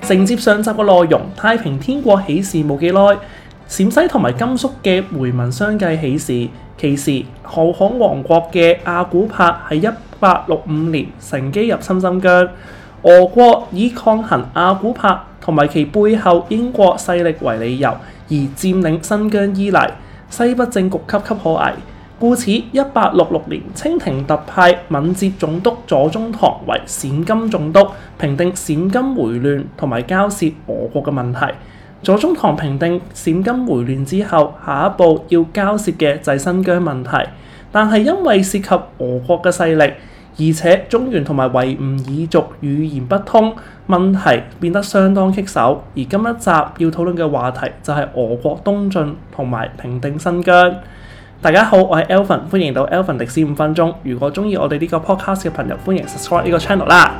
承接上集嘅內容，太平天國起事冇幾耐，陝西同埋甘肅嘅回民相繼起事，其時浩罕王國嘅阿古柏係一。八六五年乘機入侵新疆，俄國以抗衡阿古柏同埋其背後英國勢力為理由，而佔領新疆伊犁。西北政局岌岌可危，故此一八六六年，清廷特派閩浙總督左宗棠為陝甘總督，平定陝甘回亂同埋交涉俄國嘅問題。左宗棠平定陝甘回亂之後，下一步要交涉嘅就係新疆問題，但係因為涉及俄國嘅勢力。而且中原同埋維吾爾族語言不通，問題變得相當棘手。而今一集要討論嘅話題就係俄國東進同埋平定新疆。大家好，我係 Elvin，歡迎到 Elvin 歷史五分鐘。如果中意我哋呢個 podcast 嘅朋友，歡迎 subscribe 呢個 channel 啦。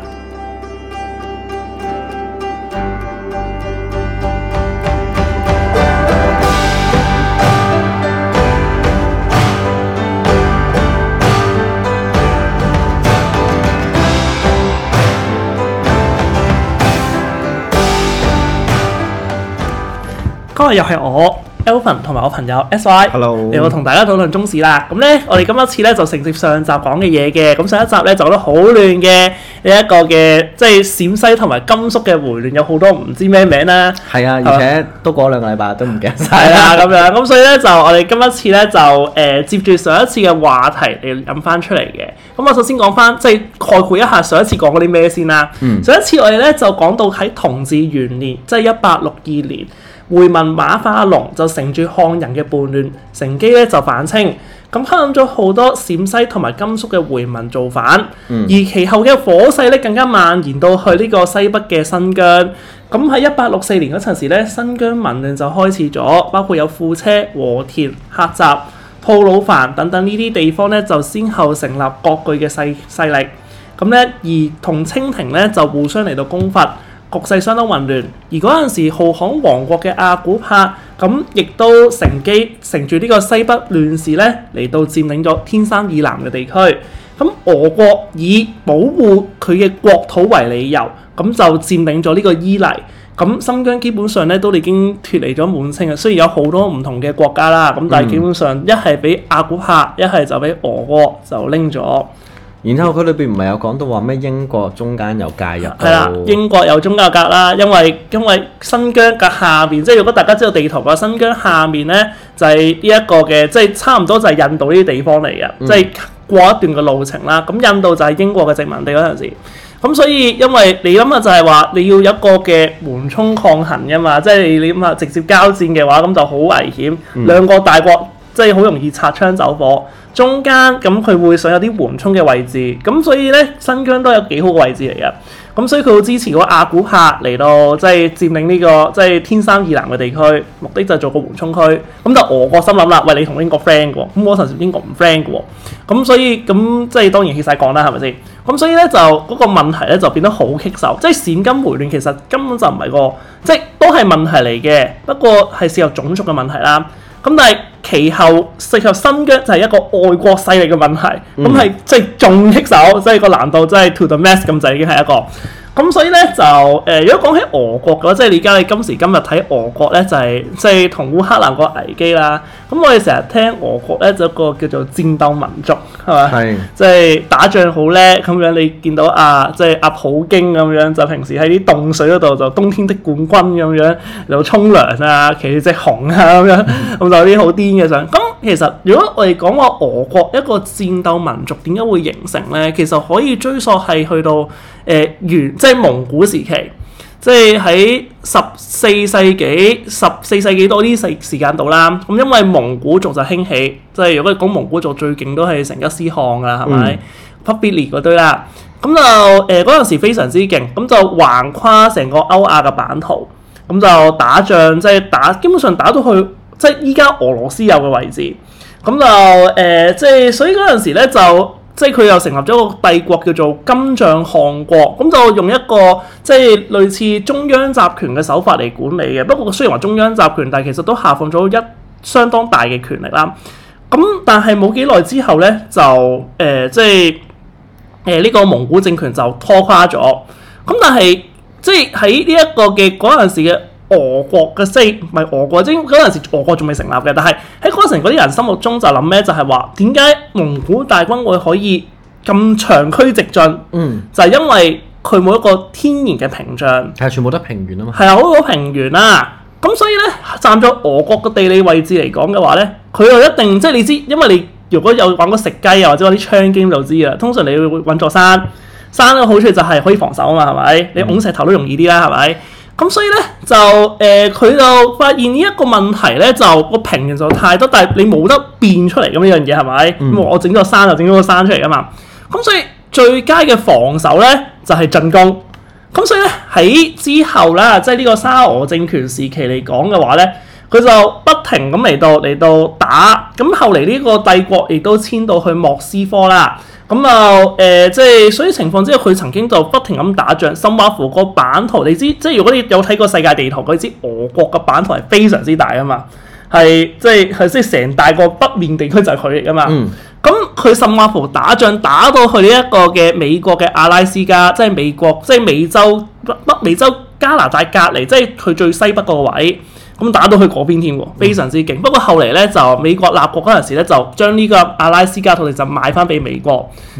今日又係我 Alvin 同埋我朋友 S Y，Hello，又我同大家討論中史啦。咁咧，我哋今一次咧就承接上集講嘅嘢嘅。咁上一集咧就都好亂嘅呢一個嘅，即係陝西同埋甘肅嘅回亂，有好多唔知咩名啦。係啊，而且吧都過兩個禮拜都唔記得晒啦，咁、 啊、樣咁，所以咧就我哋今一次咧就誒、呃、接住上一次嘅話題嚟引翻出嚟嘅。咁我首先講翻即係概括一下上一次講嗰啲咩先啦。嗯、上一次我哋咧就講到喺同治元年，即係一八六二年。回民馬化龍就乘住漢人嘅叛亂，乘機咧就反清，咁吸引咗好多陝西同埋甘肅嘅回民造反。嗯、而其後嘅火勢咧更加蔓延到去呢個西北嘅新疆。咁喺一八六四年嗰陣時咧，新疆民亂就開始咗，包括有庫車、和田、喀什、吐魯番等等呢啲地方咧，就先後成立各具嘅勢勢力。咁咧，而同清廷咧就互相嚟到攻伐。局勢相當混亂，而嗰陣時浩罕王國嘅阿古柏，咁亦都乘機乘住呢個西北亂事咧，嚟到佔領咗天山以南嘅地區。咁俄國以保護佢嘅國土為理由，咁就佔領咗呢個伊犁。咁新疆基本上咧都已經脫離咗滿清啊，雖然有好多唔同嘅國家啦，咁但係基本上一係俾阿古柏，一係就俾俄國就拎咗。然後佢裏邊唔係有講到話咩英國中間有介入嘅？係啦，英國有中間隔啦，因為因為新疆嘅下面，即係如果大家知道地圖嘅新疆下面呢就係呢一個嘅，即係差唔多就係印度呢啲地方嚟嘅，即係、嗯、過一段嘅路程啦。咁、嗯、印度就係英國嘅殖民地嗰陣時，咁、嗯、所以因為你諗下，就係話你要有一個嘅緩衝抗衡嘅嘛，即係你諗下直接交戰嘅話，咁就好危險，兩、嗯、個大國。即係好容易擦槍走火，中間咁佢會想有啲緩衝嘅位置，咁所以呢，新疆都有幾好嘅位置嚟嘅，咁所以佢會支持個阿古柏嚟到，即係佔領呢個即係天山以南嘅地區，目的就做個緩衝區。咁就俄國心諗啦，喂你同英國 friend 喎，咁我同英國唔 friend 嘅喎，咁所以咁即係當然起晒槓啦，係咪先？咁所以呢，就嗰個問題咧就變得好棘手，即係陝甘回亂其實根本就唔係個，即係都係問題嚟嘅，不過係涉及種族嘅問題啦。咁但係其後涉及新疆就係一個外國勢力嘅問題，咁係即係仲棘手，即係個難度即係 to the max 咁就已經係一個。咁所以咧就誒、呃，如果講起俄國嘅話，即係你而家你今時今日睇俄國咧，就係即係同烏克蘭個危機啦。咁我哋成日聽俄國咧，就一個叫做戰鬥民族，係嘛？係是。即係打仗好叻咁樣，你見到啊，即係阿普京咁樣，就平時喺啲凍水嗰度就冬天的冠軍咁樣，又沖涼啊，騎隻熊啊咁樣，咁、嗯、 就啲好癲嘅相。咁其實如果我哋講話俄國一個戰鬥民族點解會形成咧，其實可以追溯係去到誒、呃呃、原。即係蒙古時期，即係喺十四世紀、十四世紀多啲時時間度啦。咁因為蒙古族就興起，即係如果你講蒙古族最勁都係成吉思汗㗎啦，係咪？忽必烈嗰堆啦，咁就誒嗰陣時非常之勁，咁就橫跨成個歐亞嘅版圖，咁就打仗，即係打，基本上打到去即係依家俄羅斯有嘅位置，咁就誒、呃，即係所以嗰陣時咧就。即係佢又成立咗一個帝國叫做金帳汗國，咁就用一個即係類似中央集權嘅手法嚟管理嘅。不過雖然話中央集權，但係其實都下放咗一相當大嘅權力啦。咁但係冇幾耐之後呢，就誒、呃、即係誒呢個蒙古政權就拖垮咗。咁但係即係喺呢一個嘅嗰陣時嘅。俄國嘅西，唔係俄國即係嗰時俄國仲未成立嘅，但係喺嗰陣時嗰啲人心目中就諗咩？就係話點解蒙古大軍會可以咁長驅直進？嗯，就係因為佢冇一個天然嘅屏障，係全部都平原啊嘛，係啊，好多平原啦、啊。咁所以呢，站咗俄國嘅地理位置嚟講嘅話呢，佢又一定即係你知，因為你如果有玩過食雞啊或者啲槍 game 就知啦。通常你會揾座山，山嘅好處就係可以防守啊嘛，係咪？你拱石頭都容易啲啦，係咪？嗯。咁所以咧就誒佢、呃、就發現呢一個問題咧，就個平原就太多，但係你冇得變出嚟，咁呢樣嘢係咪？我整個山就整咗個山出嚟噶嘛。咁所以最佳嘅防守咧就係、是、進攻。咁所以咧喺之後啦，即係呢個沙俄政權時期嚟講嘅話咧，佢就不停咁嚟到嚟到打。咁後嚟呢個帝國亦都遷到去莫斯科啦。咁啊，誒，即、呃、係、就是、所以情況之下，佢曾經就不停咁打仗。Samuel 個版圖，你知，即係如果你有睇過世界地圖，佢知俄國嘅版圖係非常之大啊嘛，係即係係即係成大個北面地區就係佢嚟嘅嘛。咁佢 Samuel、嗯、打仗打到去呢一個嘅美國嘅阿拉斯加，即係美國，即係美洲北美洲加拿大隔離，即係佢最西北嗰個位。咁打到去嗰邊添喎，非常之勁。嗯、不過後嚟咧，就美國立國嗰陣時咧，就將呢個阿拉斯加土地就買翻俾美國，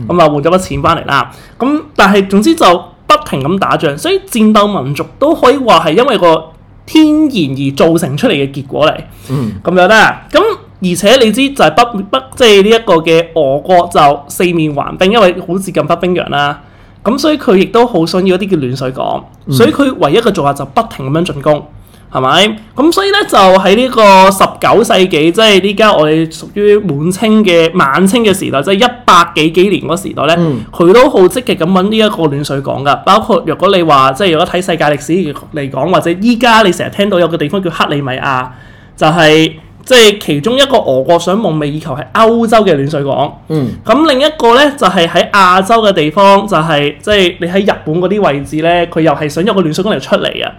咁啊、嗯、換咗筆錢翻嚟啦。咁但係總之就不停咁打仗，所以戰鬥民族都可以話係因為個天然而造成出嚟嘅結果嚟。嗯，咁又得。咁而且你知就係北北，北，即係呢一個嘅俄國就四面環冰，因為好接近北冰洋啦、啊。咁所以佢亦都好想要一啲叫暖水港，所以佢唯一嘅做法就不停咁樣進攻。係咪？咁所以咧，就喺呢個十九世紀，即係呢家我哋屬於滿清嘅晚清嘅時代，即係一百幾幾年嗰時代咧，佢，嗯，都好積極咁揾呢一個暖水港㗎。包括若果你話，即係如果睇世界歷史嚟講，或者依家你成日聽到有個地方叫克里米亞，就係即係其中一個俄國想夢寐以求係歐洲嘅暖水港。嗯。咁另一個呢，就係喺亞洲嘅地方，就係即係你喺日本嗰啲位置呢，佢又係想有個暖水港嚟出嚟啊！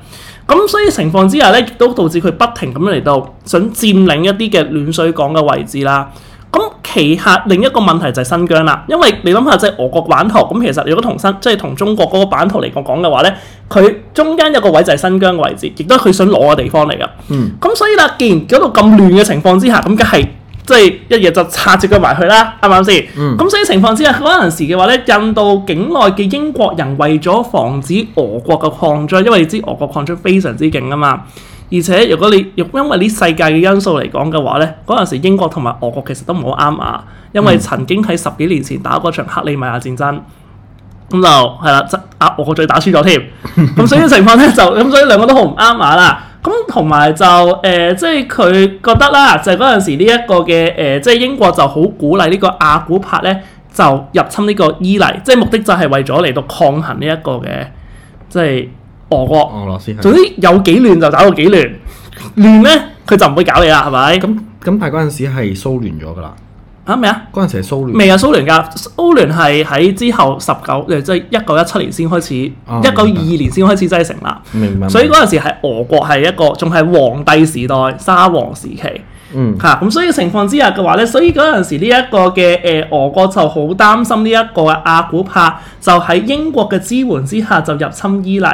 咁所以情況之下咧，亦都導致佢不停咁嚟到想佔領一啲嘅暖水港嘅位置啦。咁其下另一個問題就係新疆啦，因為你諗下即係俄國版圖，咁其實如果同新即係同中國嗰個版圖嚟講講嘅話咧，佢中間有個位就係新疆嘅位置，亦都係佢想攞嘅地方嚟噶。咁、嗯、所以啦，既然嗰度咁亂嘅情況之下，咁梗係。即係一日就插住佢埋去啦，啱唔啱先？咁、嗯、所以情況之下，嗰陣時嘅話咧，印度境內嘅英國人為咗防止俄國嘅擴張，因為你知俄國擴張非常之勁啊嘛。而且如果你因為呢世界嘅因素嚟講嘅話咧，嗰陣時英國同埋俄國其實都唔好啱啊，因為曾經喺十幾年前打過場克里米亞戰爭，咁、嗯、就係啦，即啊俄國再打輸咗添。咁 所以情況咧就咁，所以兩個都好唔啱啊啦。咁同埋就誒、呃，即係佢覺得啦，就係嗰陣時呢一個嘅誒、呃，即係英國就好鼓勵呢個亞古柏咧，就入侵呢個伊犁，即係目的就係為咗嚟到抗衡呢一個嘅即係俄國。俄羅斯係。總之有幾亂就搞到幾亂，亂咧佢就唔會搞你啦，係咪？咁咁大嗰陣時係蘇聯咗㗎啦。啊，咩啊？嗰陣時係蘇聯未啊，蘇聯噶，蘇聯係喺之後十九，即係一九一七年先開始，一九二二年先開始即成立。明白。所以嗰陣時係俄國係一個仲係皇帝時代沙皇時期，嗯，嚇咁、啊嗯、所以情況之下嘅話咧，所以嗰陣時呢一個嘅誒俄國就好擔心呢一個阿古柏就喺英國嘅支援之下就入侵伊犁，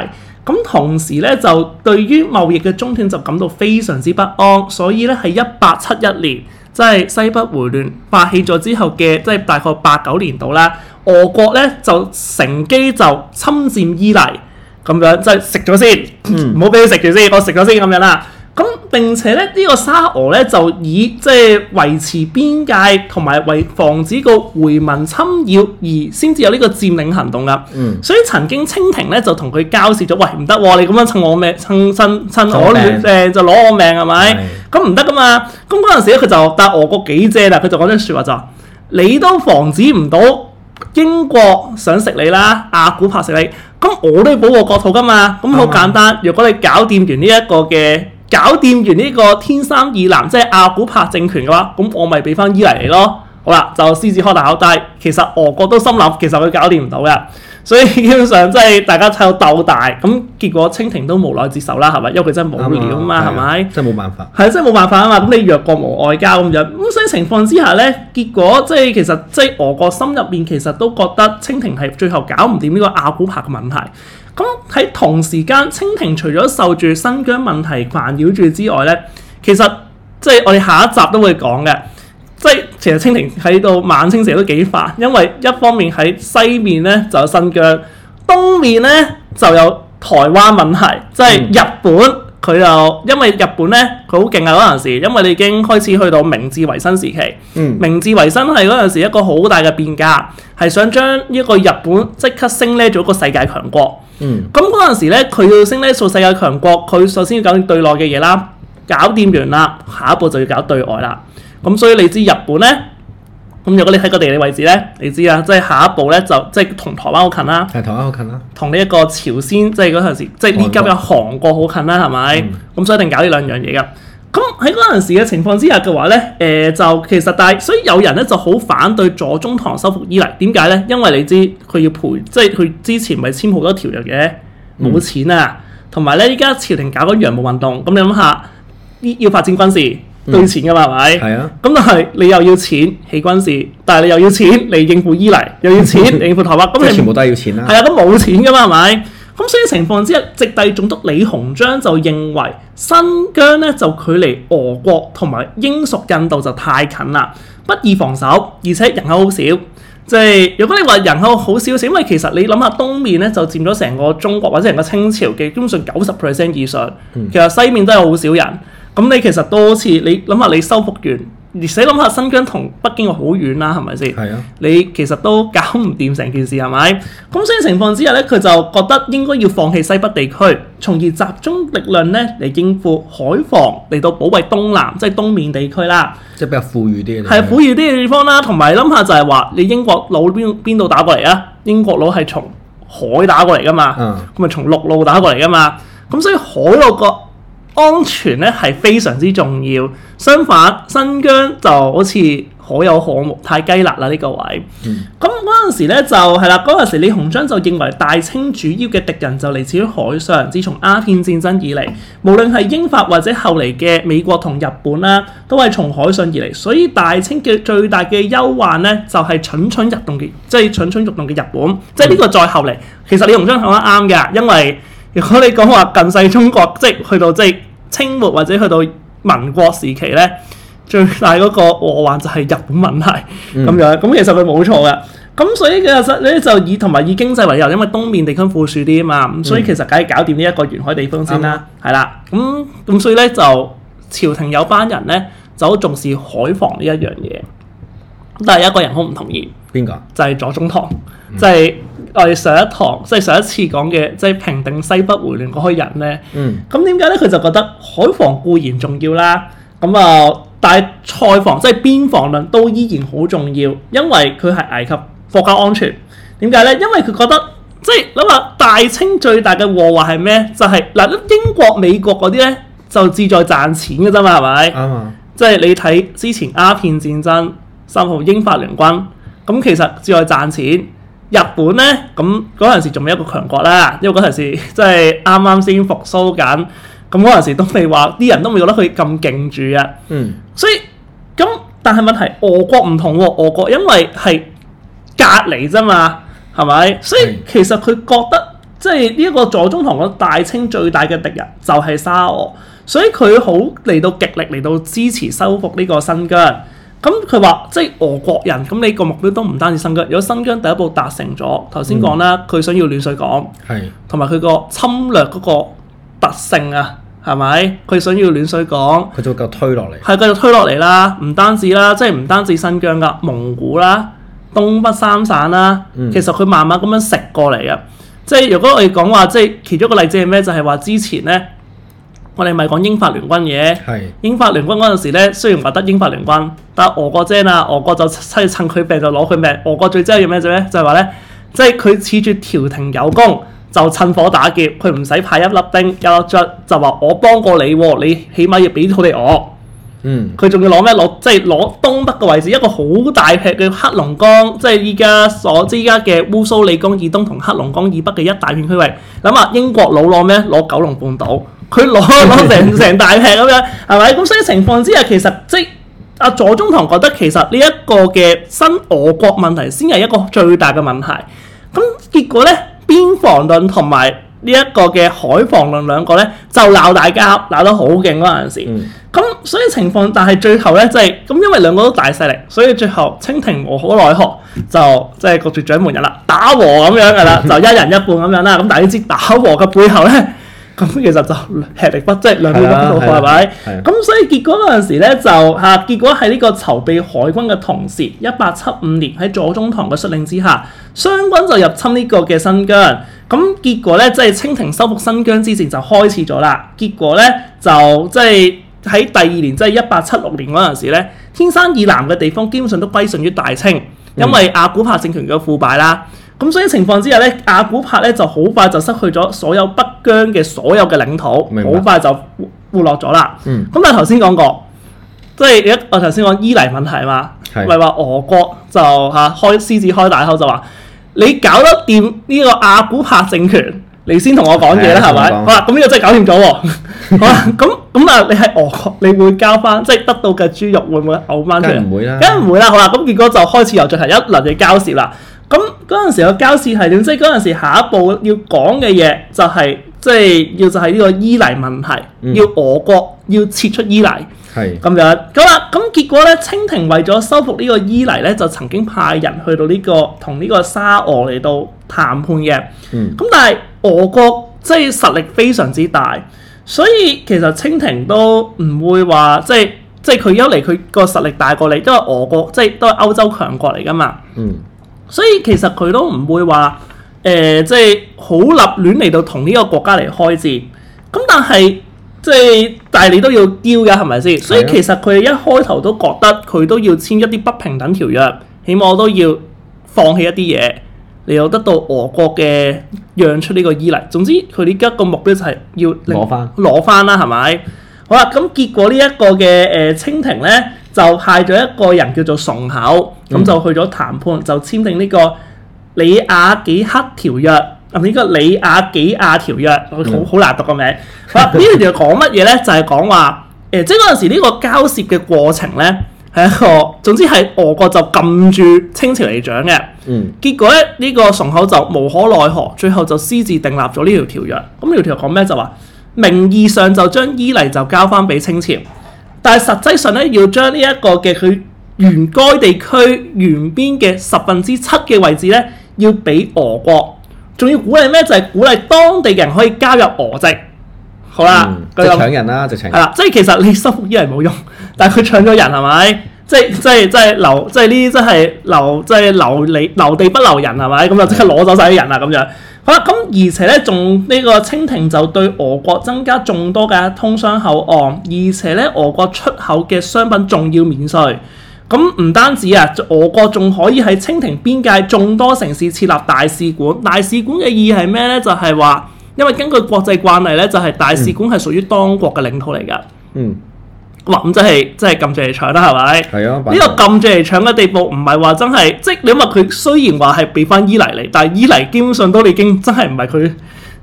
咁同時咧就對於貿易嘅中斷就感到非常之不安，所以咧係一八七一年。即係西北回亂發起咗之後嘅，即係大概八九年度啦。俄國咧就乘機就侵佔伊犁，咁樣即係食咗先，唔好俾佢食住先，我食咗先咁樣啦。咁並且咧，呢個沙俄咧就以即係、就是、維持邊界同埋為防止個回民侵擾而先至有呢個佔領行動噶。嗯。所以曾經清廷咧就同佢交涉咗，喂唔得喎，你咁樣趁我命趁趁趁我誒命、呃、就攞我命係咪？咁唔得噶嘛。咁嗰陣時咧，佢就答俄國幾正啦，佢就講咗句説話就：你都防止唔到英國想食你啦，阿古柏食你，咁我都要保護國土噶嘛。咁好簡單，嗯、如果你搞掂完呢一個嘅。搞掂完呢個天山以南即係亞古柏政權嘅話，咁我咪俾翻伊犁咯。好啦，就獅子開大口。低。其實俄國都心諗，其實佢搞掂唔到嘅，所以基本上即係大家喺度鬥大。咁結果清廷都無奈接受啦，係咪？因為佢真係冇料啊嘛，係咪吧？真係冇辦法。係真係冇辦法啊嘛。咁你弱國無外交咁樣，咁所以情況之下呢，結果即係其實即係俄國心入面其實都覺得清廷係最後搞唔掂呢個亞古柏嘅問題。咁喺同時間，清廷除咗受住新疆問題困擾住之外咧，其實即係我哋下一集都會講嘅，即係其實清廷喺度晚清時都幾煩，因為一方面喺西面咧就有新疆，東面咧就有台灣問題，即、就、係、是、日本佢又、嗯、因為日本咧佢好勁啊嗰陣時，因為你已經開始去到明治維新時期，嗯、明治維新係嗰陣時一個好大嘅變革，係想將一個日本即刻升咧咗一個世界強國。嗯，咁嗰陣時咧，佢要升呢數世界強國，佢首先要搞掂對內嘅嘢啦，搞掂完啦，下一步就要搞對外啦。咁、嗯、所以你知日本咧，咁、嗯、如果你睇個地理位置咧，你知啦，即、就、係、是、下一步咧就即係同台灣好近啦，同台灣好近啦，同呢一個朝鮮即係嗰陣時，即係呢家嘅韓國好近啦，係咪？咁、嗯嗯、所以一定搞呢兩樣嘢噶。咁喺嗰陣時嘅情況之下嘅話咧，誒就其實但係，所以有人咧就好反對左宗棠收復伊犁。點解咧？因為你知佢要賠，即係佢之前咪簽好多條約嘅，冇錢啊。同埋咧，依家朝廷搞緊洋務運動，咁你諗下，要發展軍事，都要錢噶嘛，係咪？係啊。咁但係你又要錢起軍事，但係你又要錢嚟應付伊犁，又要錢嚟應付台灣，咁全部都係要錢啦。係啊，咁冇錢噶嘛，係咪？咁所以情況之下，直隸總督李鴻章就認為。新疆咧就距離俄國同埋英屬印度就太近啦，不易防守，而且人口好少。即係如果你話人口好少少，因為其實你諗下東面咧就佔咗成個中國或者成個清朝嘅基本上九十 percent 以上，其實西面都有好少人。咁你其實都好似你諗下你收復完。而且諗下新疆同北京好遠啦，係咪先？係啊！你其實都搞唔掂成件事係咪？咁所以情況之下咧，佢就覺得應該要放棄西北地區，從而集中力量咧嚟應付海防，嚟到保衞東南，即係東面地區啦。即係比較富裕啲嘅地方。係富裕啲嘅地方啦，同埋諗下就係話，你英國佬邊邊度打過嚟啊？英國佬係從海打過嚟噶嘛？咁咪，嗯，從陸路打過嚟噶嘛？咁所以海陸個。安全咧係非常之重要，相反新疆就好似可有可無，太雞肋啦呢個位。咁嗰陣時咧就係啦，嗰陣時李鴻章就認為大清主要嘅敵人就嚟自於海上。自從鴉片戰爭以嚟，無論係英法或者後嚟嘅美國同日本啦，都係從海上而嚟。所以大清嘅最大嘅憂患咧就係、是蠢，蠢，就是、蠢蠢欲動嘅，即係蠢蠢欲動嘅日本。即係呢個再後嚟，嗯、其實李鴻章講得啱嘅，因為如果你講話近世中國即去到即係。清末或者去到民國時期咧，最大嗰個禍患就係日本問題咁樣。咁其實佢冇錯嘅。咁所以其實咧就以同埋以經濟為由，因為東面地區富庶啲啊嘛。咁所以其實梗係搞掂呢一個沿海地方先啦、啊，係啦、嗯。咁咁所以咧就朝廷有班人咧就好重視海防呢一樣嘢。但係一個人好唔同意，邊個、啊？就係左宗棠，嗯、就係、是。我哋上一堂即係上一次講嘅，即係平定西北回亂嗰批人呢。嗯。咁點解呢？佢就覺得海防固然重要啦，咁、嗯、啊，但係塞防即係邊防論都依然好重要，因為佢係危及國家安全。點解呢？因為佢覺得即係諗下大清最大嘅禍患係咩？就係、是、嗱，英國、美國嗰啲呢，就志在賺錢㗎啫嘛，係咪？即係、嗯、你睇之前鴉片戰爭，三號英法聯軍，咁其實志在賺錢。日本呢，咁嗰陣時仲未係一個強國啦，因為嗰陣時即係啱啱先復甦緊，咁嗰陣時都未話，啲人都未覺得佢咁勁住啊。嗯。所以咁，但係問題俄國唔同喎，俄國因為係隔離啫嘛，係咪？所以其實佢覺得、嗯、即係呢一個左宗棠大清最大嘅敵人就係沙俄，所以佢好嚟到極力嚟到支持收復呢個新疆。咁佢話即係俄國人，咁你個目標都唔單止新疆。如果新疆第一步達成咗，頭先講啦，佢、嗯、想要暖水港，同埋佢個侵略嗰個特性啊，係咪？佢想要暖水港，佢就會繼續推落嚟。係繼續推落嚟啦，唔單止啦，即係唔單止新疆㗎，蒙古啦、東北三省啦，嗯、其實佢慢慢咁樣食過嚟嘅。即係如果我哋講話，即係其中一個例子係咩？就係、是、話之前咧。我哋咪講英法聯軍嘅，是英法聯軍嗰陣時咧，雖然話得英法聯軍，但俄國啫，啦，俄國就趁趁佢病就攞佢命。俄國最精係用咩啫？咩就係話咧，即係佢恃住調停有功，就趁火打劫。佢唔使派一粒丁，一粒雀，就話我幫過你、啊，你起碼要俾到地我。嗯，佢仲要攞咩？攞即係攞東北嘅位置，一個好大片嘅黑龍江，即係依家所知依家嘅烏蘇里江以東同黑龍江以北嘅一大片區域。咁啊，英國佬攞咩？攞九龍半島。佢攞攞成成大片咁樣，係咪？咁所以情況之下，其實即阿、啊、左宗棠覺得其實呢一個嘅新俄國問題先係一個最大嘅問題。咁結果呢，邊防論同埋呢一個嘅海防論兩個呢，就鬧大家鬧得好勁嗰陣時。咁、嗯、所以情況，但係最後呢，即係咁，因為兩個都大勢力，所以最後清廷無可奈何就即係各自掌門人啦，打和咁樣噶啦，就一人一半咁樣啦。咁 但係你知打和嘅背後呢。咁其實就吃力不濟，即兩敗俱到，係咪、啊？咁吧、啊啊、所以結果嗰陣時咧，就、啊、嚇結果係呢個籌備海軍嘅同時，一八七五年喺左宗棠嘅率領之下，湘軍就入侵呢個嘅新疆。咁結果咧，即、就、係、是、清廷收復新疆之戰就開始咗啦。結果咧，就即係喺第二年，即係一八七六年嗰陣時咧，天山以南嘅地方基本上都歸順於大清，因為阿古柏政權嘅腐敗啦。咁、嗯、所以情況之下咧，阿古柏咧就好快就失去咗所有北。疆嘅所有嘅領土好快就沒落咗啦。咁、嗯、但係頭先講過，即、就、係、是、我頭先講伊犁問題嘛，唔係話俄國就嚇、啊、開獅子開大口就話你搞得掂呢個阿古柏政權，你先同我講嘢啦，係咪？好啦，咁呢個真係搞掂咗喎。 好啦，咁咁啊，你喺俄國，你會交翻即係得到嘅豬肉會唔會嘔翻出嚟？梗係唔會啦，梗係唔會啦。好啦，咁結果就開始又進行一輪嘅交涉啦。咁嗰陣時嘅交涉係點？即係嗰陣時下一步要講嘅嘢就係、是。就是即係要就係呢個伊犁問題，嗯、要俄國要撤出伊犁。係咁樣咁啦，咁結果咧，清廷為咗收復呢個伊犁咧，就曾經派人去到呢、呢個同呢個沙俄嚟到談判嘅。咁、嗯、但係俄國即係實力非常之大，所以其實清廷都唔會話即係即係佢一嚟佢個實力大過你，因為俄國即係都係歐洲強國嚟噶嘛。嗯，所以其實佢都唔會話。誒、呃，即係好立亂嚟到同呢個國家嚟開戰，咁但係即係，但係你都要丟嘅，係咪先？的所以其實佢一開頭都覺得佢都要簽一啲不平等條約，起碼都要放棄一啲嘢，嚟到得到俄國嘅讓出呢個伊犁。總之，佢呢家個目標就係要攞翻攞翻啦，係咪？好啦，咁結果呢一個嘅誒清廷呢，就派咗一個人叫做崇厚，咁、嗯、就去咗談判，就簽訂呢、這個。里亞幾克條約，係、嗯、呢、這個里亞幾亞條約？好好難讀個名。呢條條講乜嘢呢？就係講話誒，即係嗰陣時呢個交涉嘅過程呢，係一個總之係俄國就撳住清朝嚟講嘅。嗯，結果咧呢、這個崇厚就無可奈何，最後就私自訂立咗呢條條約。咁條條講咩就話、是，名義上就將伊犁就交翻俾清朝，但係實際上呢，要將呢一個嘅佢原該地區原邊嘅十分之七嘅位置呢。要俾俄國，仲要鼓勵咩？就係、是、鼓勵當地人可以加入俄籍。好啦，即係搶人啦，直情搶。係啦，即係其實你收服依然冇用，但係佢搶咗人係咪？ 即係即係即係留，即係呢啲真係留，即係留你留地不留人係咪？咁就即刻攞走晒啲人啦咁，嗯、樣。好啦，咁而且咧，仲呢、這個清廷就對俄國增加眾多嘅通商口岸，而且咧俄國出口嘅商品仲要免稅。咁唔單止啊，俄國仲可以喺清廷邊界眾多城市設立大使館。大使館嘅意義係咩呢？就係話，因為根據國際慣例咧，就係大使館係屬於當國嘅領土嚟噶。嗯。哇，咁即係即係撳住嚟搶啦，係咪？係啊。呢個撳住嚟搶嘅地步，唔係話真係，即你諗下，佢雖然話係俾翻伊犁嚟，但係伊犁基本上都已經真係唔係佢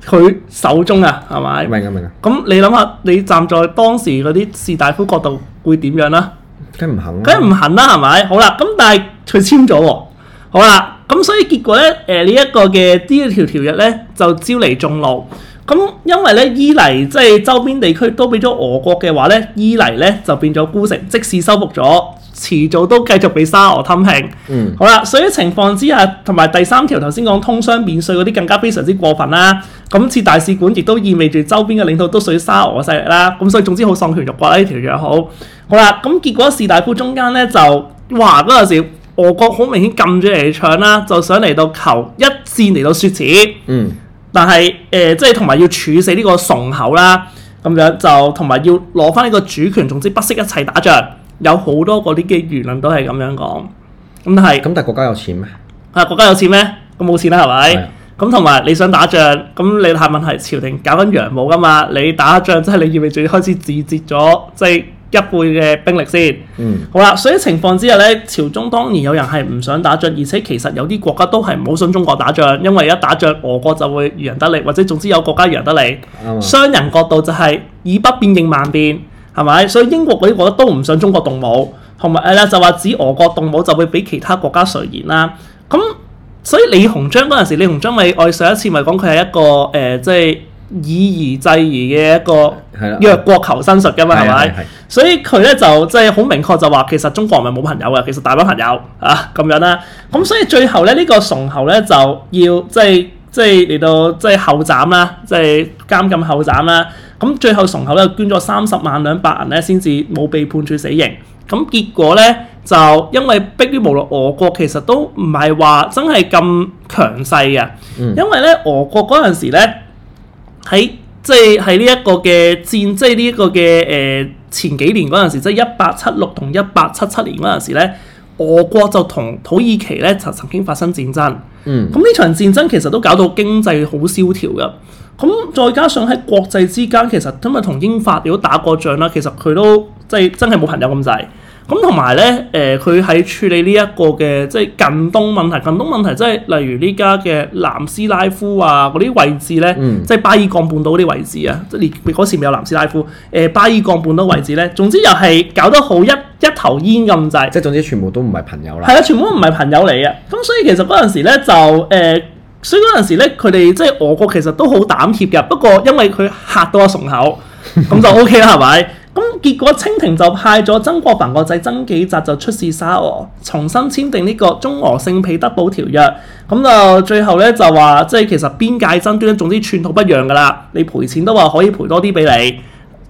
佢手中啊，係咪？明啊明啊。咁你諗下，你站在當時嗰啲士大夫角度會點樣呢？梗唔肯，啊，梗唔 肯啦，係咪？好啦，咁但係佢簽咗喎，好啦，咁所以結果咧，誒呢一個嘅呢一條條日咧，就招嚟眾怒。咁因為咧，伊犁即係周邊地區都俾咗俄國嘅話咧，伊犁咧就變咗孤城，即使收復咗，遲早都繼續俾沙俄吞併。嗯，好啦，所以情況之下同埋第三條頭先講通商免稅嗰啲更加非常之過分啦。咁次大使館亦都意味住周邊嘅領土都屬於沙俄勢力啦。咁所以總之好喪權辱國啦，呢條約好。好啦，咁結果士大夫中間咧就話嗰陣時，俄國好明顯撳住嚟搶啦，就想嚟到求一戰嚟到説辭。嗯。但係誒、呃，即係同埋要處死呢個崇口啦，咁樣就同埋要攞翻呢個主權，總之不惜一切打仗，有好多嗰啲嘅輿論都係咁樣講。咁但係咁但係國家有錢咩？嚇、啊、國家有錢咩？咁冇錢啦係咪？咁同埋你想打仗，咁你係問題朝廷搞緊洋務噶嘛？你打仗即係、就是、你意味住開始自折咗，即、就、係、是。一倍嘅兵力先，嗯，好啦，所以情況之下咧，朝中當然有人係唔想打仗，而且其實有啲國家都係唔好信中國打仗，因為一打仗俄國就會贏得利，或者總之有國家贏得利。嗯、商人角度就係以不變應萬變，係咪？所以英國嗰啲國家都唔想中國動武，同埋誒啦，就話指俄國動武就會俾其他國家垂涎啦。咁所以李鴻章嗰陣時，李鴻章咪、就、外、是、上一次咪講佢係一個誒、呃，即係。以夷制夷嘅一個弱的國求生術嘅嘛，係咪的？吧所以佢咧就即係好明確就話，其實中國唔係冇朋友嘅，其實大把朋友啊咁樣啦。咁所以最後咧呢、這個崇猴咧就要即係即係嚟到即係、就是、後斬啦，即、就、係、是、監禁後斬啦。咁最後崇厚咧捐咗三十萬兩白銀咧，先至冇被判處死刑。咁結果咧就因為逼於無奈，俄國其實都唔係話真係咁強勢嘅，嗯、因為咧俄國嗰陣時咧。喺即係喺呢一個嘅戰，即係呢一個嘅誒、呃、前幾年嗰陣時，即係一八七六同一八七七年嗰陣時咧，俄國就同土耳其咧曾曾經發生戰爭。嗯，咁呢場戰爭其實都搞到經濟好蕭條㗎。咁再加上喺國際之間，其實今日同英法都打過仗啦，其實佢都即係、就是、真係冇朋友咁滯。咁同埋咧，誒佢喺處理呢一個嘅即係近東問題，近東問題即係例如呢家嘅南斯拉夫啊嗰啲位置咧，嗯、即係巴爾幹半島啲位置啊，嗯、即係嗰時未有南斯拉夫誒、呃、巴爾幹半島位置咧。總之又係搞得好一一頭煙咁滯。即係總之全部都唔係朋友啦。係啊，全部都唔係朋友嚟嘅。咁所以其實嗰陣時咧就誒、呃，所以嗰陣時咧佢哋即係俄國其實都好膽怯嘅。不過因為佢嚇到阿鬆口，咁就 OK 啦，係咪？咁結果清廷就派咗曾國藩個仔曾紀澤就出使沙俄，重新簽訂呢個《中俄聖彼得堡條約》。咁就最後咧就話，即係其實邊界爭端，總之寸土不讓噶啦。你賠錢都話可以賠多啲俾你，誒、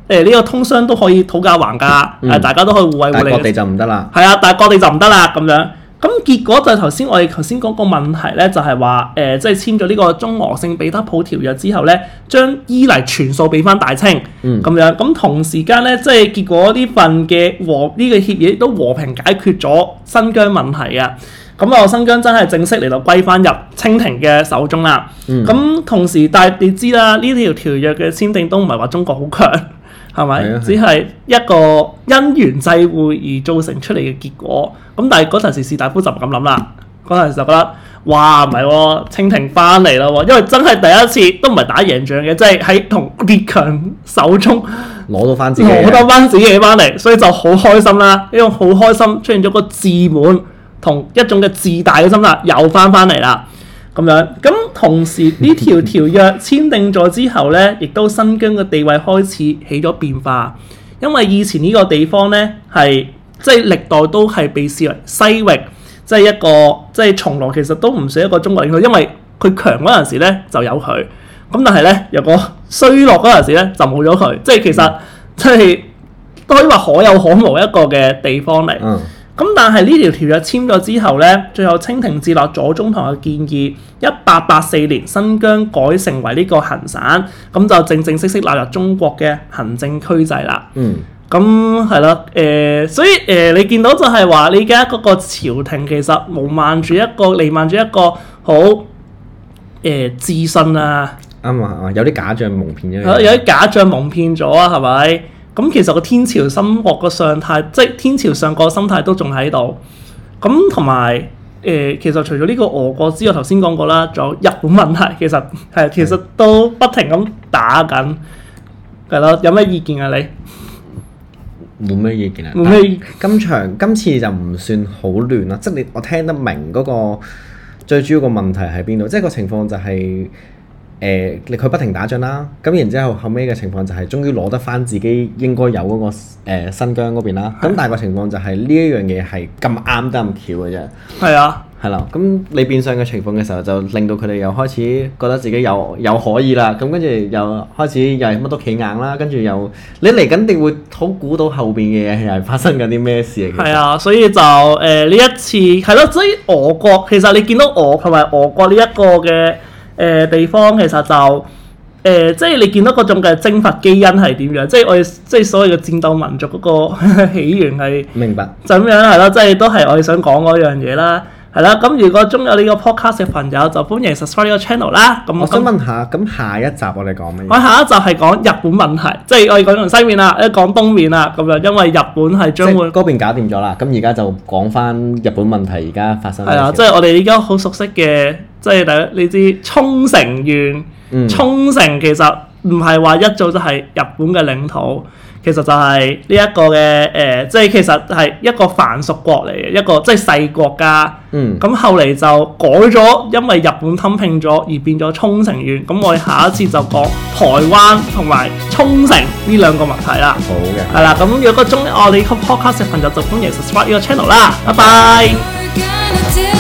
欸、呢、這個通商都可以討價還價，誒、嗯、大家都可以互惠互利。但係各地就唔得啦。係啊，但係各地就唔得啦咁樣。咁結果就頭先我哋頭先講個問題咧，就係話誒，即係簽咗呢個中俄聖彼得堡條約之後咧，將伊犁全數俾翻大清，咁、嗯、樣。咁同時間咧，即係結果呢份嘅和呢、呢個協議都和平解決咗新疆問題啊。咁啊，新疆真係正式嚟到歸翻入清廷嘅手中啦。咁、嗯、同時，但係你知啦，呢條條約嘅簽訂都唔係話中國好強。係咪？啊啊、只係一個因緣際會而造成出嚟嘅結果。咁但係嗰陣時士大夫就唔咁諗啦。嗰陣時就覺得，哇唔係，清廷翻嚟啦。因為真係第一次都唔係打贏仗嘅，即係喺同列強手中攞到翻自己攞到翻自己嘢翻嚟，所以就好開心啦。呢種好開心出現咗個自滿同一種嘅自大嘅心啦，又翻翻嚟啦。咁樣，咁同時呢條條約簽訂咗之後呢，亦都新疆嘅地位開始起咗變化，因為以前呢個地方呢，係即係歷代都係被視為西域，即係一個即係從來其實都唔算一個中國領土，因為佢強嗰陣時呢就有佢，咁但係呢，若果衰落嗰陣時呢就冇咗佢，即係其實即係都可以話可有可無一個嘅地方嚟。嗯。咁但係呢條條約簽咗之後呢，最後清廷接受左宗棠嘅建議，一八八四年新疆改成為呢個行省，咁就正正式式納入中國嘅行政區制啦。嗯。咁係啦，誒、呃，所以誒、呃，你見到就係話，依家嗰個朝廷其實矇瞞住一個，嚟瞞住一個好誒、呃、自信啊。啱啊！有啲假象蒙騙咗。有啲假象蒙騙咗啊？係咪？咁其實個天朝心態個上態，即係天朝上個心態都仲喺度。咁同埋誒，其實除咗呢個俄國之外，頭先講過啦，仲有日本問題，其實係其實都不停咁打緊，係咯？有咩意見啊？你冇咩意見啊？唔係今場今次就唔算好亂啦，即係你我聽得明嗰個最主要個問題喺邊度？即係個情況就係、是。誒，佢、呃、不停打仗啦，咁然後之後後尾嘅情況就係，終於攞得翻自己應該有嗰、那個、呃、新疆嗰邊啦。咁的但係個情況就係呢一樣嘢係咁啱得咁巧嘅啫。係啊的，係啦。咁你變相嘅情況嘅時候，就令到佢哋又開始覺得自己又又可以啦。咁跟住又開始又係乜都企硬啦。跟住又你嚟緊，定會好估到後邊嘅嘢係發生緊啲咩事？係啊，所以就誒呢、呃、一次係咯。所以俄國其實你見到俄係咪俄國呢一個嘅。誒、呃、地方其實就誒、呃，即係你見到嗰種嘅征伐基因係點樣？即係我哋，即係所謂嘅戰鬥民族嗰個 起源係明白。就咁樣係咯，即係都係我哋想講嗰樣嘢啦，係啦。咁如果中有呢個 podcast 嘅朋友，就歡迎 subscribe 呢個 channel 啦。咁我想問下，咁下一集我哋講咩？我下一集係講日本問題，即係我哋講完西面啦，誒講東面啦，咁樣因為日本係將會嗰邊搞掂咗啦。咁而家就講翻日本問題，而家發生係啊，即係我哋而家好熟悉嘅。即係大家你知沖繩縣，嗯、沖繩其實唔係話一早就係日本嘅領土，其實就係呢、呃、一個嘅誒，即係其實係一個藩屬國嚟嘅一個，即係細國家。咁、嗯、後嚟就改咗，因為日本吞併咗而變咗沖繩縣。咁我哋下一次就講台灣同埋沖繩呢兩個問題啦。好嘅的，係啦。咁若果中意我哋、哦、嘅 podcast 嘅朋友，就就歡迎 subscribe 呢個 channel 啦。拜拜。